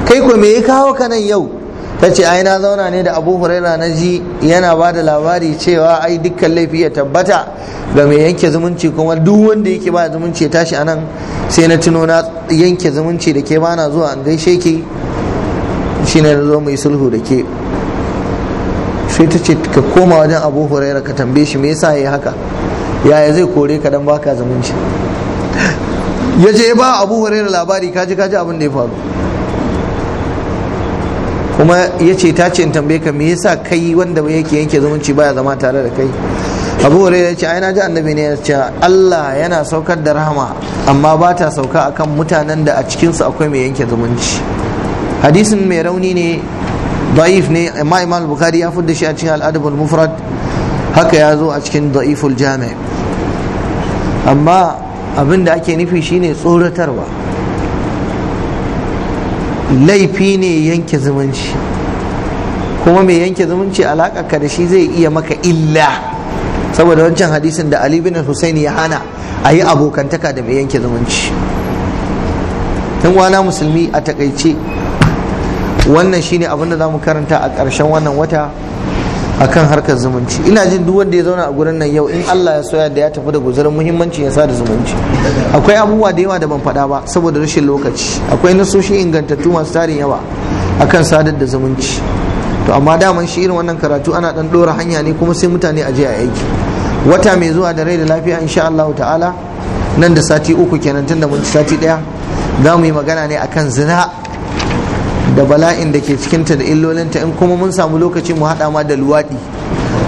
kai ko me ya kawo ka nan yau ta ce ai na zauna ne da abu huraira na ji yana ba da labari cewa ai dukkan laifi ya tabbata ga mai yanke zumunci kuma duk wanda yake ba zumunci ya tashi anan sai na tuno na yanke zumunci da ke bana zuwa an gaishe ki ne na zo mai sulhu da ke sai ta ce ka koma wajen abu huraira ka tambaye shi me yasa ya yi haka yaya zai kore ka dan baka zumunci ya ce ba abu hurairar labari kaji kaji abin da ya faru kuma ya ce ta ce in tambaye ka me yasa kai wanda yake yanke zumunci baya zama tare da kai abu hurairar ya ce ai na ji annabi ne ya ce Allah yana saukar da rahama amma ba ta sauka akan mutanen da a cikinsu akwai mai yanke zumunci hadisin mai rauni ne da'if ne amma imam bukhari ya fudda shi a cikin al mufrad haka ya zo a cikin da'iful jami amma abin da ake nufi shine tsoratarwa laifi ne yanke zumunci kuma mai yanke zumunci ka da shi zai iya maka illa saboda wancan hadisin da ali bin husain ya hana a yi abokantaka da mai yanke zumunci tun wana musulmi a takaice wannan shine abin da za mu karanta a ƙarshen wannan wata akan harkar zumunci ina jin duk wanda ya zauna a gurin nan yau in Allah ya soya da ya tafi da guzarin muhimmanci ya sa da zumunci akwai abubuwa da yawa da ban faɗa ba saboda rashin lokaci akwai nasoshi ingantattu masu tarin yawa akan sadar da zumunci to amma daman shi irin wannan karatu ana dan dora hanya ne kuma sai mutane a je a aiki wata mai zuwa da rai da lafiya insha Allah ta'ala nan da sati uku kenan tunda mun ci sati daya za mu yi magana ne akan zina da bala'in da ke cikinta da illolinta in kuma mun samu lokaci mu haɗa ma da luwaɗi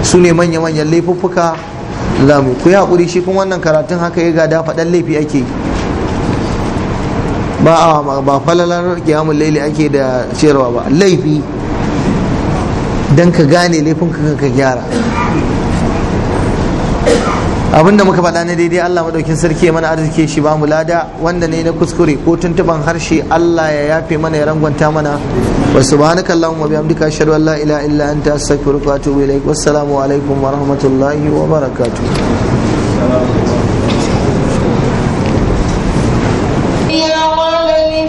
su ne manya-manyan laifuffuka za mu ku haƙuri shi kuma wannan karatun haka ya gada faɗan laifi ake ba a ba falalar kiyamun laili ake da ciyarwa ba laifi don ka gane laifin ka gyara abinda muka faɗa na daidai Allah maɗaukin sarki ya mana arziki shi ba mu lada wanda ne na kuskure ko tuntuban harshe Allah ya yafe mana ya rangwanta mana wa subhanaka allahumma bihamdika ashhadu an la ilaha illa anta astaghfiruka wa atubu ilaik wassalamu alaikum wa rahmatullahi wa barakatu.